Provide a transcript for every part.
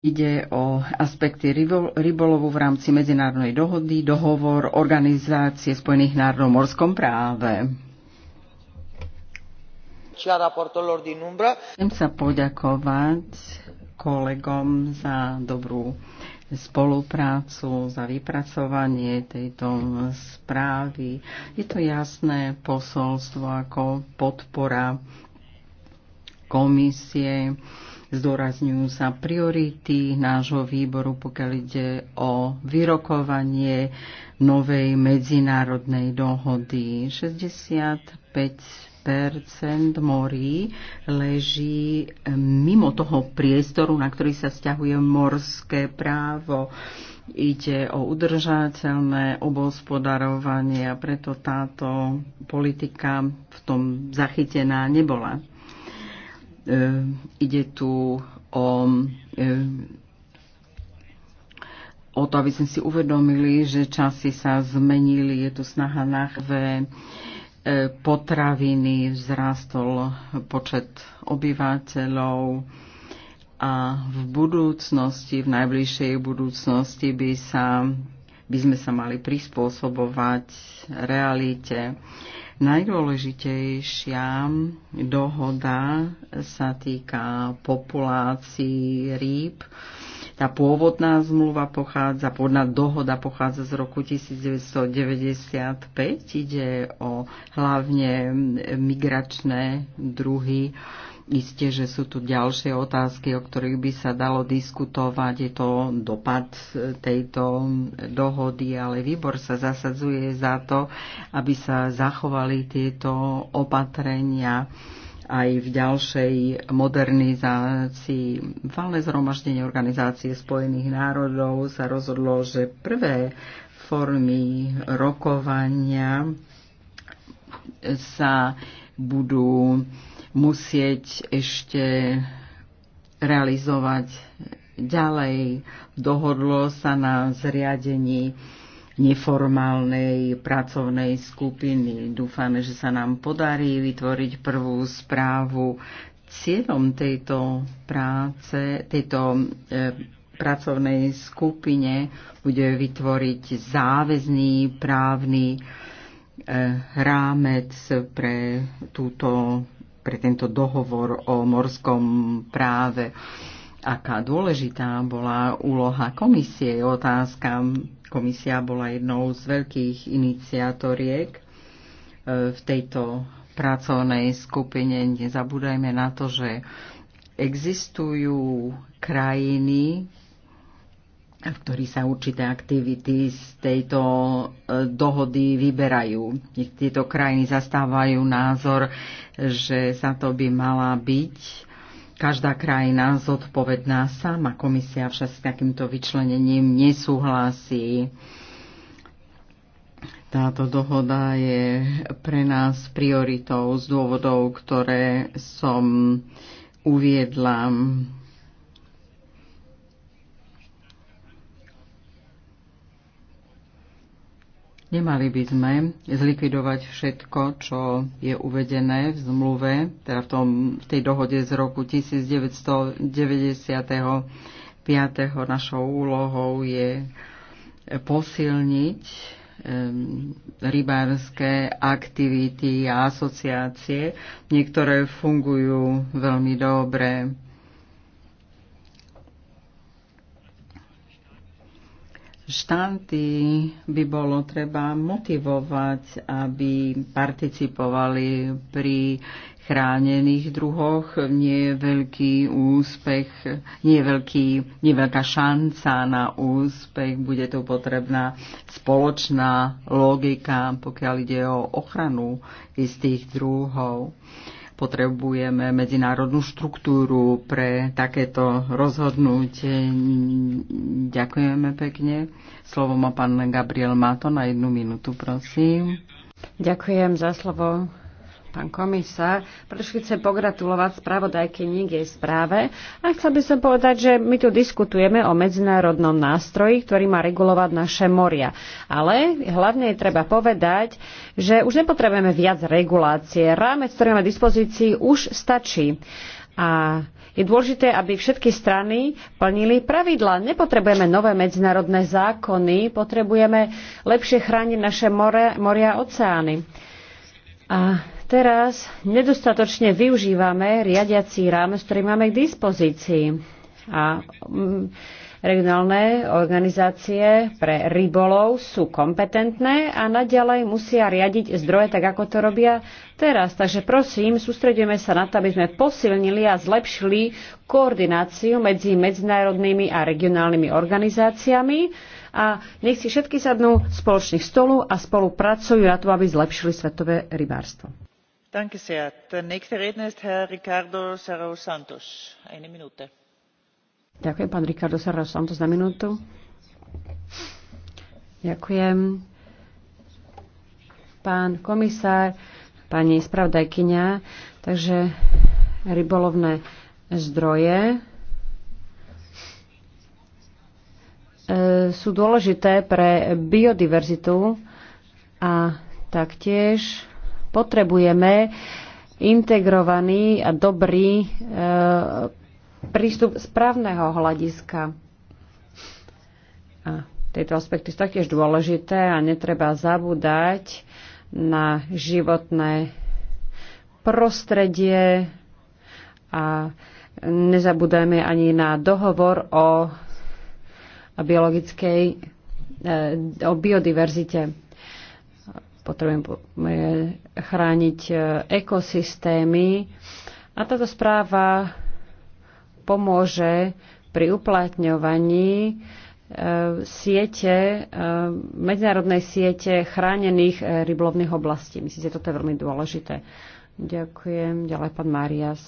Ide o aspekty rybolovu v rámci medzinárodnej dohody, dohovor Organizácie Spojených národov morskom práve. Chcem sa poďakovať kolegom za dobrú spoluprácu, za vypracovanie tejto správy. Je to jasné posolstvo ako podpora komisie Zdôrazňujú sa priority nášho výboru, pokiaľ ide o vyrokovanie novej medzinárodnej dohody. 65 morí leží mimo toho priestoru, na ktorý sa vzťahuje morské právo. Ide o udržateľné obospodarovanie a preto táto politika v tom zachytená nebola. E, ide tu o e, o to, aby sme si uvedomili, že časy sa zmenili, je tu snaha na chve, e, potraviny, vzrástol počet obyvateľov a v budúcnosti, v najbližšej budúcnosti by, sa, by sme sa mali prispôsobovať realite Najdôležitejšia dohoda sa týka populácií rýb. Tá pôvodná zmluva pochádza, pôvodná dohoda pochádza z roku 1995. Ide o hlavne migračné druhy Isté, že sú tu ďalšie otázky, o ktorých by sa dalo diskutovať. Je to dopad e, tejto e, dohody, ale výbor sa zasadzuje za to, aby sa zachovali tieto opatrenia aj v ďalšej modernizácii. Valné zhromaždenie Organizácie spojených národov sa rozhodlo, že prvé formy rokovania sa budú musieť ešte realizovať ďalej. Dohodlo sa na zriadení neformálnej pracovnej skupiny. Dúfame, že sa nám podarí vytvoriť prvú správu. Cieľom tejto práce, tejto e, pracovnej skupine bude vytvoriť záväzný právny e, rámec pre túto pre tento dohovor o morskom práve. Aká dôležitá bola úloha komisie, otázka. Komisia bola jednou z veľkých iniciatoriek e, v tejto pracovnej skupine. Nezabúdajme na to, že existujú krajiny, v ktorých sa určité aktivity z tejto e, dohody vyberajú. Tieto krajiny zastávajú názor, že sa to by mala byť každá krajina zodpovedná sama. Komisia však s takýmto vyčlenením nesúhlasí. Táto dohoda je pre nás prioritou z dôvodov, ktoré som uviedla Nemali by sme zlikvidovať všetko, čo je uvedené v zmluve, teda v, tom, v tej dohode z roku 1995. Našou úlohou je posilniť rybárske aktivity a asociácie. Niektoré fungujú veľmi dobre štáty by bolo treba motivovať, aby participovali pri chránených druhoch. Nie je veľký úspech, nie je, veľký, nie je veľká šanca na úspech. Bude tu potrebná spoločná logika, pokiaľ ide o ochranu istých druhov. Potrebujeme medzinárodnú štruktúru pre takéto rozhodnutie. Ďakujeme pekne. Slovo má pán Gabriel Mato na jednu minútu, prosím. Ďakujem za slovo pán komisár. Pretože chcem pogratulovať spravodajky k jej správe a chcel by som povedať, že my tu diskutujeme o medzinárodnom nástroji, ktorý má regulovať naše moria. Ale hlavne je treba povedať, že už nepotrebujeme viac regulácie. Rámec, ktorý máme dispozícii, už stačí. A je dôležité, aby všetky strany plnili pravidla. Nepotrebujeme nové medzinárodné zákony, potrebujeme lepšie chrániť naše more, moria a oceány. A teraz nedostatočne využívame riadiací rámec, ktorý máme k dispozícii. A mm, regionálne organizácie pre rybolov sú kompetentné a naďalej musia riadiť zdroje tak, ako to robia teraz. Takže prosím, sústredujeme sa na to, aby sme posilnili a zlepšili koordináciu medzi medzinárodnými a regionálnymi organizáciami a nech si všetky sadnú spoločných stolu a spolupracujú na to, aby zlepšili svetové rybárstvo. Ďakujem, pán Ricardo Serrao na minútu. Pán komisár, pani spravodajkyňa. takže rybolovné zdroje e, sú dôležité pre biodiverzitu a taktiež Potrebujeme integrovaný a dobrý e, prístup správneho hľadiska. A tieto aspekty sú taktiež dôležité a netreba zabúdať na životné prostredie a nezabúdajme ani na dohovor o biologickej, e, o biodiverzite potrebujeme e, chrániť e, ekosystémy a táto správa pomôže pri uplatňovaní e, siete, medzinárodnej siete chránených ryblovných oblastí. Myslím, že toto je veľmi dôležité. Ďakujem. Ďalej pán Marias.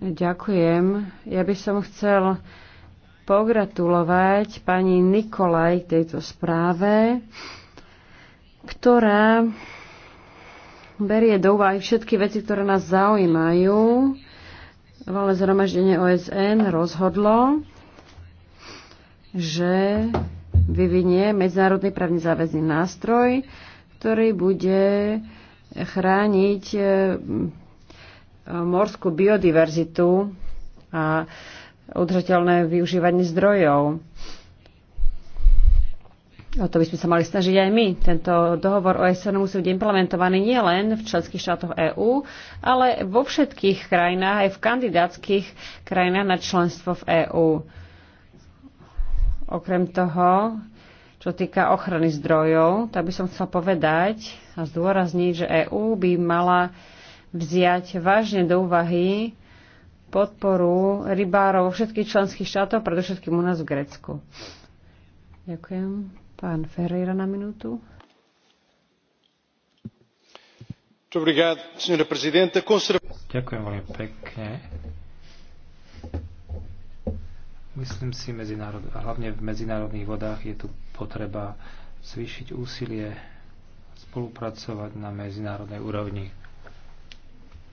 Ďakujem. Ja by som chcel pogratulovať pani Nikolaj k tejto správe, ktorá berie do úvahy všetky veci, ktoré nás zaujímajú. Valné zhromaždenie OSN rozhodlo, že vyvinie medzinárodný právne záväzný nástroj, ktorý bude chrániť eh, eh, morskú biodiverzitu a udržateľné využívanie zdrojov. O to by sme sa mali snažiť aj my. Tento dohovor OSN musí byť implementovaný nielen v členských štátoch EÚ, ale vo všetkých krajinách, aj v kandidátskych krajinách na členstvo v EÚ. Okrem toho, čo týka ochrany zdrojov, tak by som chcel povedať a zdôrazniť, že EÚ by mala vziať vážne do úvahy podporu rybárov všetkých členských štátov, predovšetkým u nás v Grécku. Ďakujem. Pán Ferreira na minútu. Ďakujem veľmi pekne. Myslím si, medzinárod, hlavne v medzinárodných vodách je tu potreba zvýšiť úsilie, spolupracovať na medzinárodnej úrovni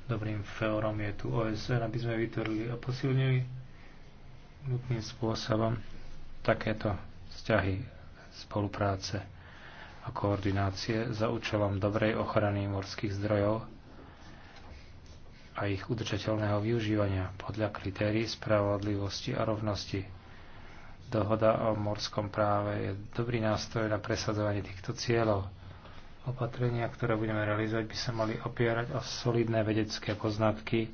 Dobrým feorom je tu OSN, aby sme vytvorili a posilnili nutným spôsobom takéto vzťahy spolupráce a koordinácie za účelom dobrej ochrany morských zdrojov a ich udržateľného využívania podľa kritérií spravodlivosti a rovnosti. Dohoda o morskom práve je dobrý nástroj na presadzovanie týchto cieľov. Opatrenia, ktoré budeme realizovať, by sa mali opierať o solidné vedecké poznatky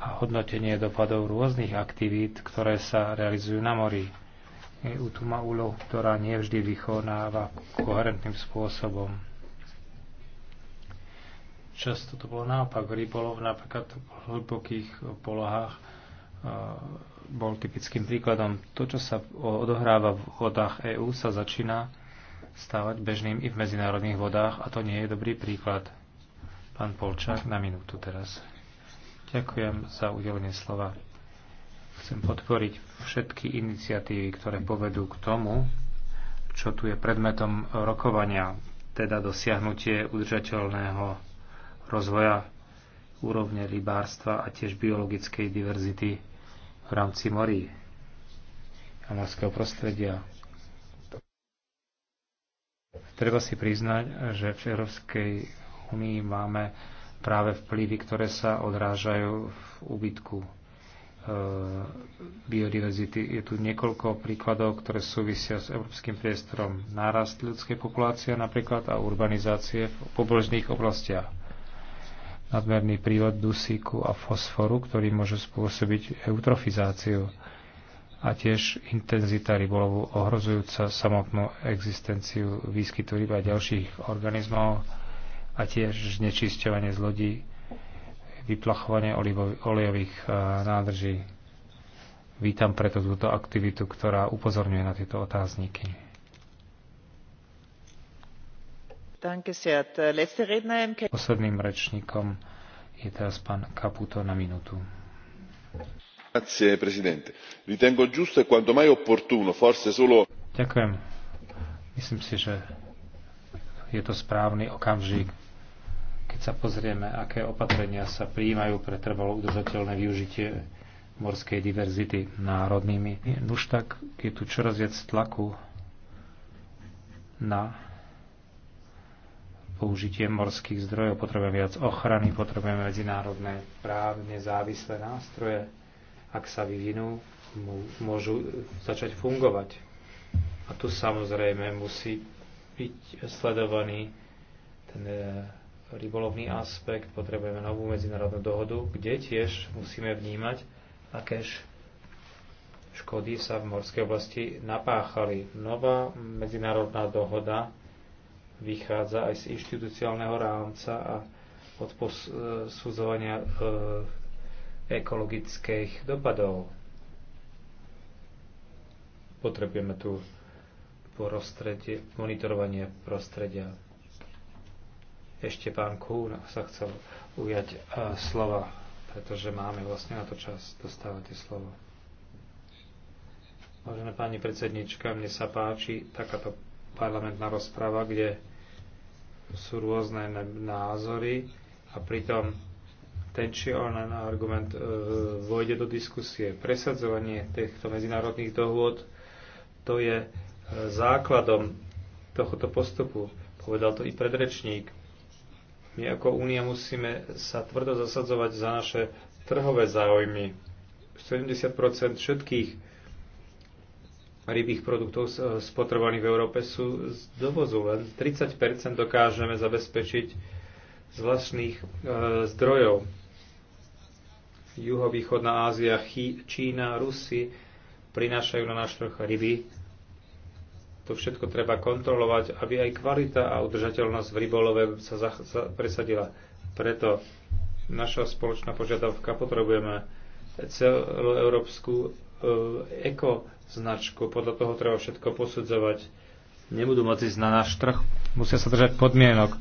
a hodnotenie dopadov rôznych aktivít, ktoré sa realizujú na mori. EU tu má úlohu, ktorá nevždy vychonáva koherentným spôsobom. Často to bolo naopak. Rybolov napríklad v hlbokých polohách e, bol typickým príkladom. To, čo sa odohráva v vodách EÚ, sa začína stávať bežným i v medzinárodných vodách a to nie je dobrý príklad. Pán Polčák, na minútu teraz. Ďakujem za udelenie slova. Chcem podporiť všetky iniciatívy, ktoré povedú k tomu, čo tu je predmetom rokovania, teda dosiahnutie udržateľného rozvoja úrovne rybárstva a tiež biologickej diverzity v rámci morí a morského prostredia Treba si priznať, že v Európskej únii máme práve vplyvy, ktoré sa odrážajú v úbytku e, biodiverzity. Je tu niekoľko príkladov, ktoré súvisia s európskym priestorom. Nárast ľudskej populácie napríklad a urbanizácie v pobožných oblastiach. Nadmerný prírod dusíku a fosforu, ktorý môže spôsobiť eutrofizáciu a tiež intenzita rybolovu ohrozujúca samotnú existenciu výskytu ryb a ďalších organizmov a tiež znečisťovanie z lodí, vyplachovanie olejových e, nádrží. Vítam preto túto aktivitu, ktorá upozorňuje na tieto otázniky. Posledným rečníkom je teraz pán Kaputo na minútu signor presidente ritengo giusto e quanto mai opportuno forse solo. ďakujem myslím si že je to správny okamžik keď sa pozrieme aké opatrenia sa prijímajú pre trvalo udržateľné využitie morskej diverzity národnými. Nuž tak je tu čoraz viac tlaku na použitie morských zdrojov. Potrebujeme viac ochrany, potrebujeme medzinárodné právne závislé nástroje ak sa vyvinú, môžu začať fungovať. A tu samozrejme musí byť sledovaný ten e, rybolovný aspekt, potrebujeme novú medzinárodnú dohodu, kde tiež musíme vnímať, aké škody sa v morskej oblasti napáchali. Nová medzinárodná dohoda vychádza aj z inštitucionálneho rámca a od posudzovania e, e, ekologických dopadov. Potrebujeme tu prostredie, monitorovanie prostredia. Ešte pán Kuhn sa chcel ujať a, e, slova, pretože máme vlastne na to čas. Dostávate slovo. Vážená pani predsednička, mne sa páči takáto parlamentná rozprava, kde sú rôzne názory a pritom ten či onen argument e, vojde do diskusie. Presadzovanie týchto medzinárodných dohôd to je e, základom tohoto postupu. Povedal to i predrečník. My ako Únia musíme sa tvrdo zasadzovať za naše trhové záujmy. 70 všetkých rybých produktov e, spotrebovaných v Európe sú z dovozu. Len 30 dokážeme zabezpečiť z vlastných e, zdrojov Juhovýchodná Ázia, Čína, Rusy prinášajú na náš trh ryby. To všetko treba kontrolovať, aby aj kvalita a udržateľnosť v rybolove sa presadila. Preto naša spoločná požiadavka potrebujeme celoeurópsku e, eko značku. Podľa toho treba všetko posudzovať. Nebudú môcť ísť na náš trh. Musia sa držať podmienok.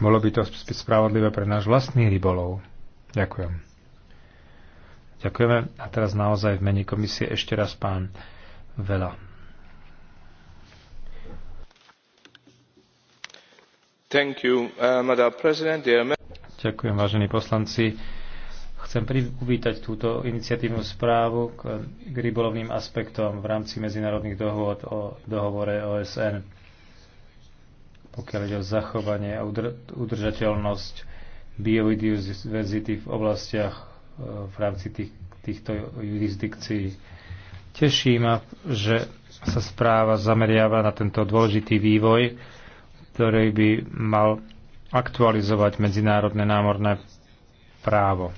Bolo by to spravodlivé pre náš vlastný rybolov. Ďakujem. Ďakujeme. A teraz naozaj v mene komisie ešte raz pán Vela. Thank you, uh, Madam President. Dear... Ďakujem, vážení poslanci. Chcem privítať túto iniciatívnu správu k, k rybolovným aspektom v rámci medzinárodných dohôd o dohovore OSN, pokiaľ ide o zachovanie a udr- udržateľnosť biodiverzity v oblastiach e, v rámci tých, týchto jurisdikcií. Teší ma, že sa správa zameriava na tento dôležitý vývoj, ktorý by mal aktualizovať medzinárodné námorné právo.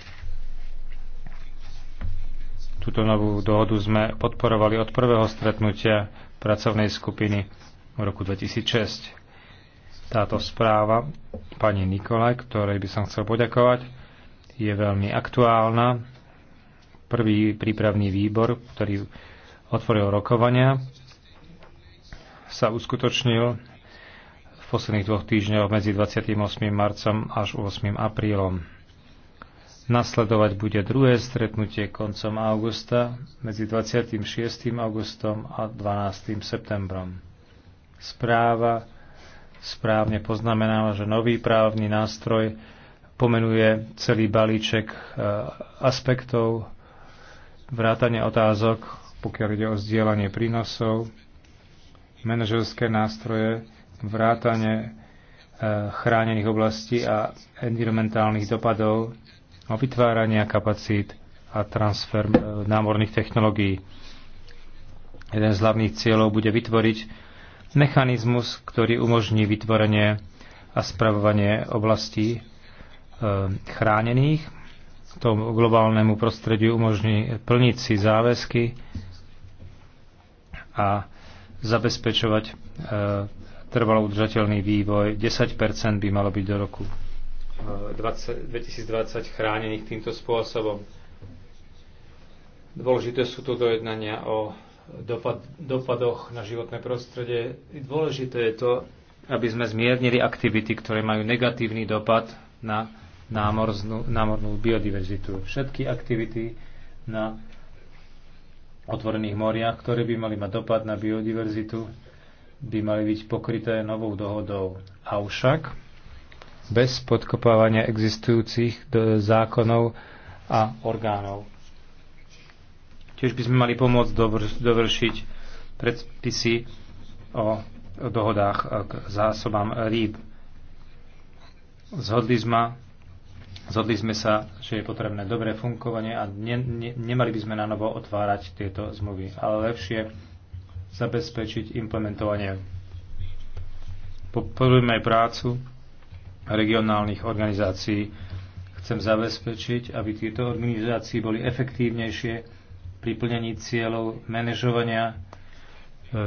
Túto novú dohodu sme podporovali od prvého stretnutia pracovnej skupiny v roku 2006. Táto správa pani Nikolaj, ktorej by som chcel poďakovať, je veľmi aktuálna. Prvý prípravný výbor, ktorý otvoril rokovania, sa uskutočnil v posledných dvoch týždňoch medzi 28. marcom až 8. aprílom. Nasledovať bude druhé stretnutie koncom augusta medzi 26. augustom a 12. septembrom. Správa správne poznamenáva, že nový právny nástroj pomenuje celý balíček e, aspektov vrátania otázok, pokiaľ ide o zdieľanie prínosov, manažerské nástroje, vrátanie e, chránených oblastí a environmentálnych dopadov, o vytvárania kapacít a transfer e, námorných technológií. Jeden z hlavných cieľov bude vytvoriť mechanizmus, ktorý umožní vytvorenie a spravovanie oblastí e, chránených. tomu globálnemu prostrediu umožní plniť si záväzky a zabezpečovať e, trvalo udržateľný vývoj. 10 by malo byť do roku 20, e, 2020 chránených týmto spôsobom. Dôležité sú to dojednania o dopad, dopadoch na životné prostredie. Dôležité je to, aby sme zmiernili aktivity, ktoré majú negatívny dopad na námornú, námornú biodiverzitu. Všetky aktivity na otvorených moriach, ktoré by mali mať dopad na biodiverzitu, by mali byť pokryté novou dohodou. Avšak bez podkopávania existujúcich e, zákonov a orgánov. Tiež by sme mali pomôcť dovršiť predpisy o dohodách e, k zásobám rýb. Zhodli sme, zhodli sme sa, že je potrebné dobré fungovanie a ne, ne, nemali by sme na novo otvárať tieto zmluvy, ale lepšie zabezpečiť implementovanie. Podporujeme aj prácu regionálnych organizácií. Chcem zabezpečiť, aby tieto organizácie boli efektívnejšie pri plnení cieľov manažovania e,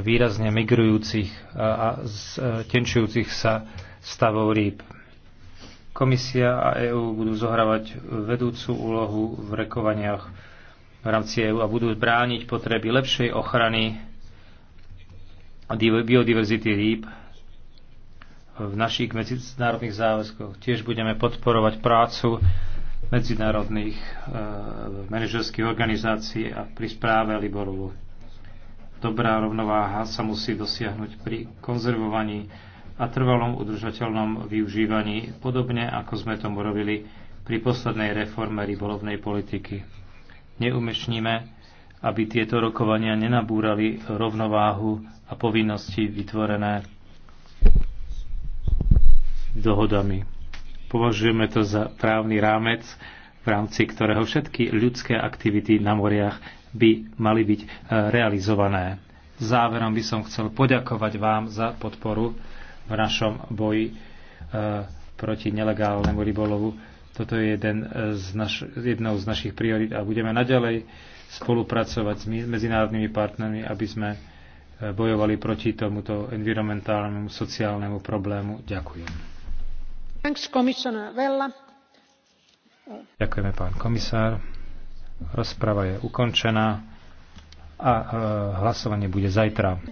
výrazne migrujúcich a e, tenčujúcich sa stavov rýb. Komisia a EÚ budú zohrávať vedúcu úlohu v rekovaniach v rámci EÚ a budú brániť potreby lepšej ochrany biodiverzity rýb v našich medzinárodných záväzkoch. Tiež budeme podporovať prácu medzinárodných e, manažerských organizácií a pri správe Liborovu. Dobrá rovnováha sa musí dosiahnuť pri konzervovaní a trvalom udržateľnom využívaní, podobne ako sme tomu robili pri poslednej reforme rybolovnej politiky. Neumešníme, aby tieto rokovania nenabúrali rovnováhu a povinnosti vytvorené dohodami Považujeme to za právny rámec, v rámci ktorého všetky ľudské aktivity na moriach by mali byť e, realizované. Záverom by som chcel poďakovať vám za podporu v našom boji e, proti nelegálnemu rybolovu. Toto je jeden e, z naš, jednou z našich priorit a budeme naďalej spolupracovať s medzinárodnými partnermi, aby sme bojovali proti tomuto environmentálnemu, sociálnemu problému. Ďakujem. Ďakujeme, pán komisár. Rozprava je ukončená a e, hlasovanie bude zajtra.